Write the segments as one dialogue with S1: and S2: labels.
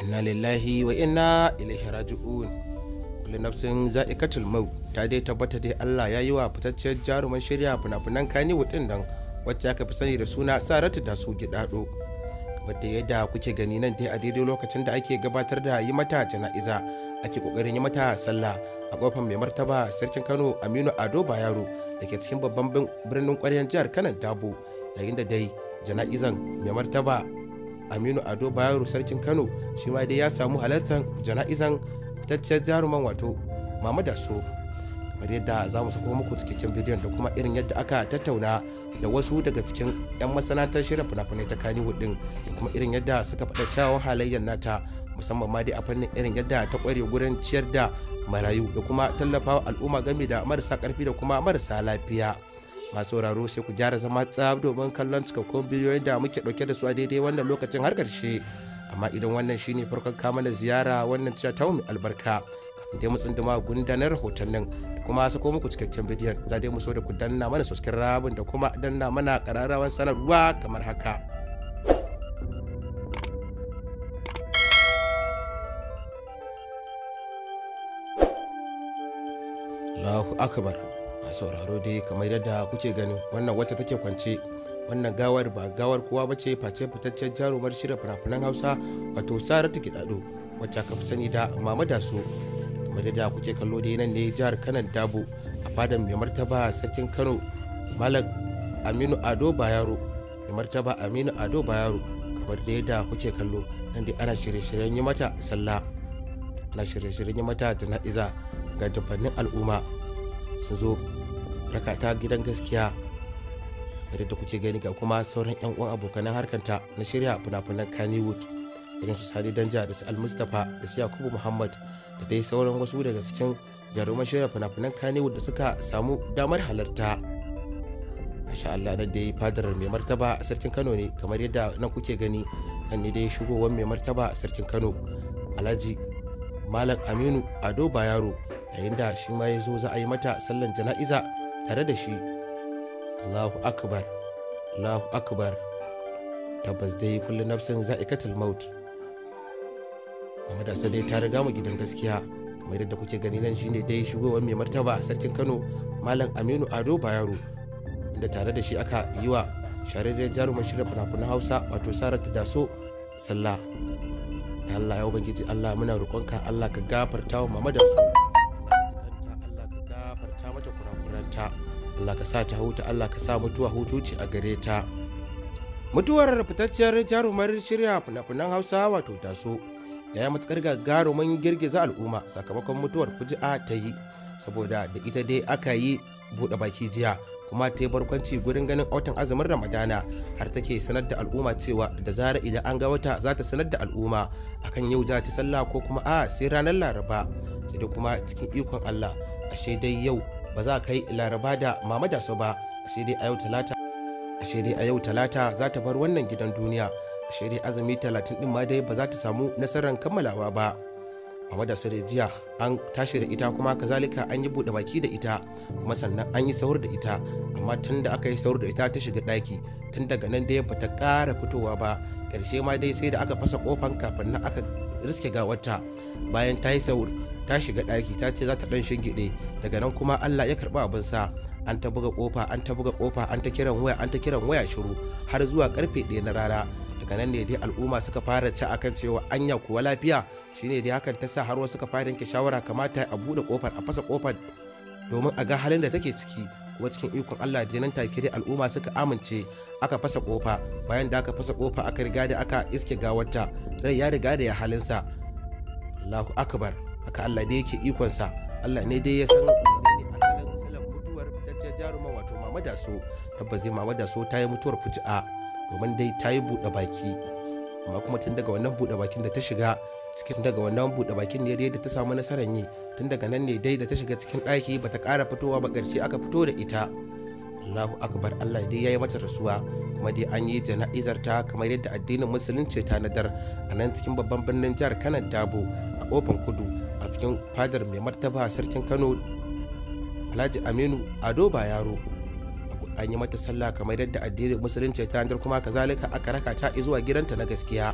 S1: inna lillahi wa inna ilaihi raji'un kullu nafsin za'iqatul maut ta dai tabbata dai Allah ya yi wa fitacciyar jaruman shirya funafunan kani wudin nan wacce aka fi sani da suna Saratu da su gidado kamar da yadda kuke gani nan dai a daidai lokacin da ake gabatar da yi mata jana'iza ake kokarin yi mata sallah a kofar mai martaba sarkin Kano Aminu Ado Bayero da ke cikin babban birnin kwaryan jihar Kano Dabo yayin da dai jana'izan mai martaba aminu ado bayero sarkin kano shi ma dai ya samu halartar jana'izan fitaccen jaruman wato mama da so kamar yadda za mu sako muku cikakken bidiyon da kuma irin yadda aka tattauna da wasu daga cikin 'yan masana'antar shirin fina-finai ta kani hudun da kuma irin yadda suka faɗa kyawun halayyar nata musamman ma dai a fannin irin yadda ta ƙware gurin ciyar da marayu da kuma tallafawa al'umma game da marasa ƙarfi da kuma marasa lafiya. masu sauraro sai ku gyara zama tsab domin kallon cikakkun biliyoyin da muke ɗauke da su a daidai wannan lokacin har karshe amma idan wannan shine farkon kamala ziyara wannan cewa ta albarka kafin dai mu tsunduma gundanar hotonnin kuma sako muku cikakken bidiyon za dai mu so da ku danna mana sosken rabin da kuma danna mana kararrawar sanarwa kamar haka Allahu akbar a sauraro dai kamar yadda kuke gani wannan wacce take kwance wannan gawar ba gawar kowa ba ce face fitaccen jarumar shirya fina-finan hausa wato saratu kiɗaɗo wacce aka fi sani da mama da su kamar yadda kuke kallo dai nan ne jihar kanan dabo a fadan mai martaba sarkin kano malam aminu ado bayaro mai martaba aminu ado bayaro kamar da yadda kuke kallo nan dai ana shirye-shiryen yi mata sallah ana shirye-shiryen yi mata jana'iza ga dafannin al'umma su zo rakata gidan gaskiya yadda da kuke gani ga kuma sauran yan uwan abokanan harkanta na shirya fina-finan kannywood irin su sani danja da su almustapha da su yakubu muhammad da dai sauran wasu daga cikin jaruman shirya fina-finan kannywood da suka samu damar halarta masha Allah nan dai fadar mai martaba a sarkin Kano ne kamar yadda nan kuke gani nan ne dai shigowar mai martaba a sarkin Kano Alhaji Malam Aminu Ado Bayaro yayin da shi ma ya zo za a yi mata sallan jana'iza tare da shi allahu akbar allahu akbar tabbas dai kullum nafsin za'ikatul maut sai dai ta riga mu gidan gaskiya kamar yadda kuke gani nan shine dai shugowar mai martaba sarkin kano malam aminu ado bayero inda tare da shi aka yi wa shahararren jarumin shirin fina-finan hausa wato saratu daso sallah Allah ya ubangiji Allah muna roƙonka Allah ka gafarta wa mama Allah ka sa ta huta Allah ka sa mutuwa hutu a gare ta mutuwar fitacciyar jarumar shirya fina-finan hausa wato taso ya yi matukar gagarumin girgiza al'umma sakamakon mutuwar kuji'a ta yi saboda da ita dai aka yi buɗe baki jiya kuma ta yi barkwanci gurin ganin autan azumin ramadana har take sanar da al'umma cewa da zara idan an ga wata za ta sanar da al'umma akan yau za ta sallah ko kuma a sai ranar laraba sai da kuma cikin ikon allah ashe dai yau ba za kai laraba da mama da su ba dai a yau talata ashe dai a yau talata za ta bar wannan gidan duniya ashe dai azumi talatin din ma dai ba za ta samu nasarar kammalawa ba mama da da jiya an tashi da ita kuma kazalika an yi buɗe baki da ita kuma sannan an yi sahur da ita amma tun da aka yi sahur da ita ta shiga ɗaki tun daga nan dai ba ta ƙara fitowa ba ƙarshe ma dai sai da aka fasa kofan kafin nan aka riske gawarta bayan ta yi sahur ta shiga ɗaki ta ce za ta ɗan shingiɗe daga nan kuma allah ya karɓi abinsa an ta buga kofa an ta buga kofa an ta kiran waya an ta kiran waya shiru har zuwa karfe ɗaya na rana daga nan ne dai al'umma suka fara ci akan cewa anya kuwa lafiya shine dai hakan ta sa har wasu suka fara yanke shawara kamata a buɗe kofar a fasa kofar domin a ga halin da take ciki kuma cikin ikon Allah da nan take dai al'umma suka amince aka fasa kofa bayan da aka fasa kofa aka riga da aka iske gawarta rai ya riga da ya halin sa Allahu akbar haka Allah dai yake ikonsa Allah ne dai ya san asalin salon mutuwar fitacciyar jaruma wato mama da so mama da ta yi mutuwar fuji'a domin dai ta yi buɗe baki amma kuma tun daga wannan buɗe bakin da ta shiga cikin daga wannan buɗe bakin ne da ta samu nasarar yi tun daga nan ne dai da ta shiga cikin ɗaki ba ta ƙara fitowa ba ƙarshe aka fito da ita Allahu akbar Allah dai yayi mata rasuwa kuma dai an yi jana'izar ta kamar yadda addinin musulunci ta nadar a nan cikin babban birnin jihar Kanan Dabo a kofan kudu cikin fadar mai martaba sarkin kano alhaji aminu ado ba yaro an yi mata sallah kamar yadda addinin musulunci ta hanzar kuma kazalika aka raka ta zuwa gidanta na gaskiya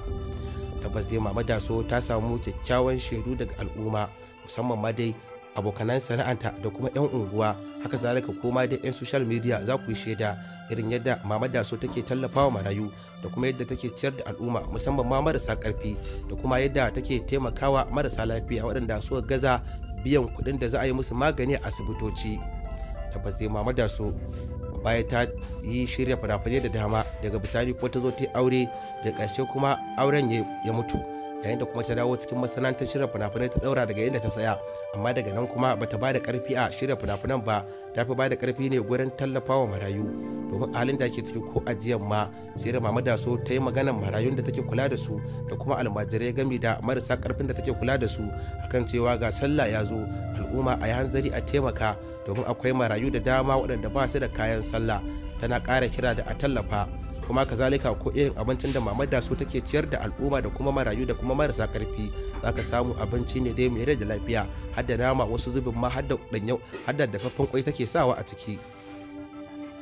S1: tabbas zai mama daso ta samu kyakkyawan shaidu daga al'umma musamman ma dai abokanan sana'anta da kuma 'yan unguwa haka zalika koma da 'yan social media za ku yi shaida irin yadda mama so take tallafawa marayu da kuma yadda take ciyar da al'umma musamman ma marasa karfi da kuma yadda take taimakawa marasa lafiya waɗanda suka gaza biyan kuɗin da za a yi musu magani a asibitoci tabbas dai mama so baya ta yi shirya fina da dama daga bisani ko ta zo ta aure da ƙarshe kuma auren ya mutu yayin da kuma ta dawo cikin masana'antar shirya fina-finai ta daura daga inda ta saya amma daga nan kuma bata ba da karfi a shirya fina-finan ba ta fi ba da karfi ne gurin tallafawa marayu domin halin da ke ciki ko ajiyar ma sai da mama ta yi maganar marayun da take kula da su da kuma almajirai gami da marasa karfin da take kula da su akan cewa ga sallah ya zo al'umma a yi hanzari a taimaka domin akwai marayu da dama waɗanda ba su da kayan sallah tana ƙara kira da a tallafa kuma kazalika ko irin abincin da mamar da su take ciyar da al'umma da kuma marayu da kuma marasa karfi zaka samu abinci ne dai mai rai da lafiya har da nama wasu zubin ma har da danyau har da dafaffen kwai take sawa a ciki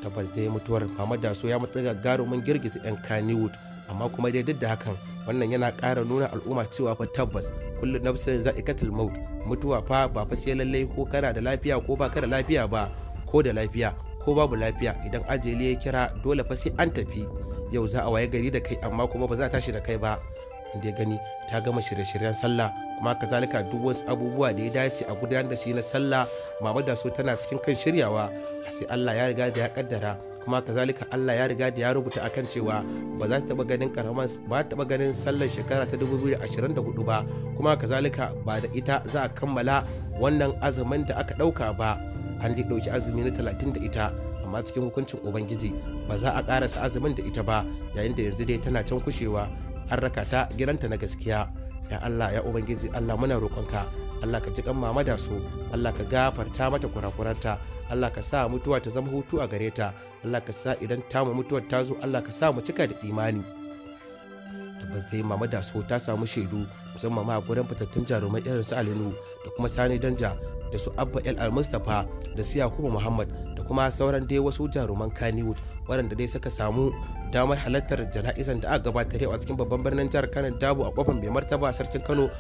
S1: tabbas dai mutuwar mamar da su ya mutu gagarumin girgiza yan kaniwood amma kuma dai duk da hakan wannan yana ƙara nuna al'umma cewa fa tabbas kullu nafsin za'ikatul maut mutuwa fa ba fa sai lallai ko kana da lafiya ko ba ka lafiya ba ko da lafiya ko babu lafiya idan ajali ya kira dole fa sai an tafi yau za a waye gari da kai amma kuma ba za a tashi da kai ba Inda ya gani ta gama shirye-shiryen sallah kuma kazalika duk wasu abubuwa da ya dace a gudanar da shi na sallah mama da so tana cikin kan shiryawa sai Allah ya riga da ya kaddara kuma kazalika Allah ya riga da ya rubuta akan cewa ba za ta taba ganin karaman ba taba ganin sallar shekara ta 2024 ba kuma kazalika ba da ita za a kammala wannan azumin da aka dauka ba an ɗauki azumi na talatin da ita amma cikin hukuncin ubangiji ba za a ƙarasa azumin da ita ba yayin da yanzu dai tana can kushewa an raka ta gidanta na gaskiya ya allah ya ubangiji allah muna roƙonka allah ka ji kan mama da su allah ka gafarta mata kurakuranta allah ka sa mutuwa ta zama hutu a gare ta allah ka sa idan tamu mutuwar ta zo allah ka sa mu cika da imani tabbas ta mama da so ta samu shaidu musamman ma a gurin fitattun jarumai irin su alinu da kuma sani danja da su abba el al mustapha da su yakubu muhammad da kuma sauran dai wasu jaruman kaniwood waɗanda dai suka samu damar halartar jana'izan da aka gabatar a cikin babban birnin jihar kano dabo a kofar mai martaba sarkin kano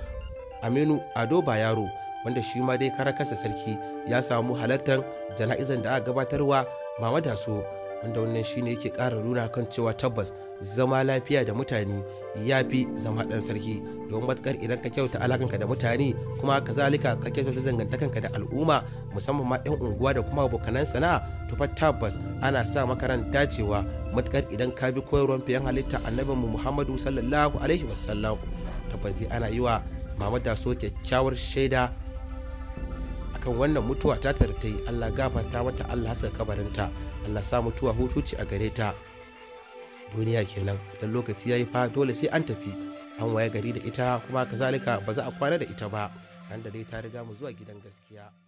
S1: aminu ado bayaro wanda shi ma dai kara kansa sarki ya samu halartar jana'izan da aka gabatarwa mama da so wanda wannan shine yake ƙara nuna kan cewa tabbas zama lafiya da mutane ya fi zama ɗan sarki don matukar idan ka kyauta alakanka da mutane kuma kazalika ka kyauta dangantakanka da al'umma musamman ma 'yan unguwa da kuma abokanan sana'a tufa tabbas ana sa makaranta cewa matukar idan ka bi koyarwan fiyan halitta annabinmu muhammadu sallallahu alaihi wasallam tabbas ana yi wa mamada so kyakkyawar shaida akan wannan mutuwa ta yi Allah gafarta mata Allah haska kabarinta Allah sa mutuwa hutu a gare ta duniya kenan idan lokaci yayi fa dole sai an tafi an waye gari da ita kuma kazalika ba za a kwana da ita ba an da dai ta riga mu zuwa gidan gaskiya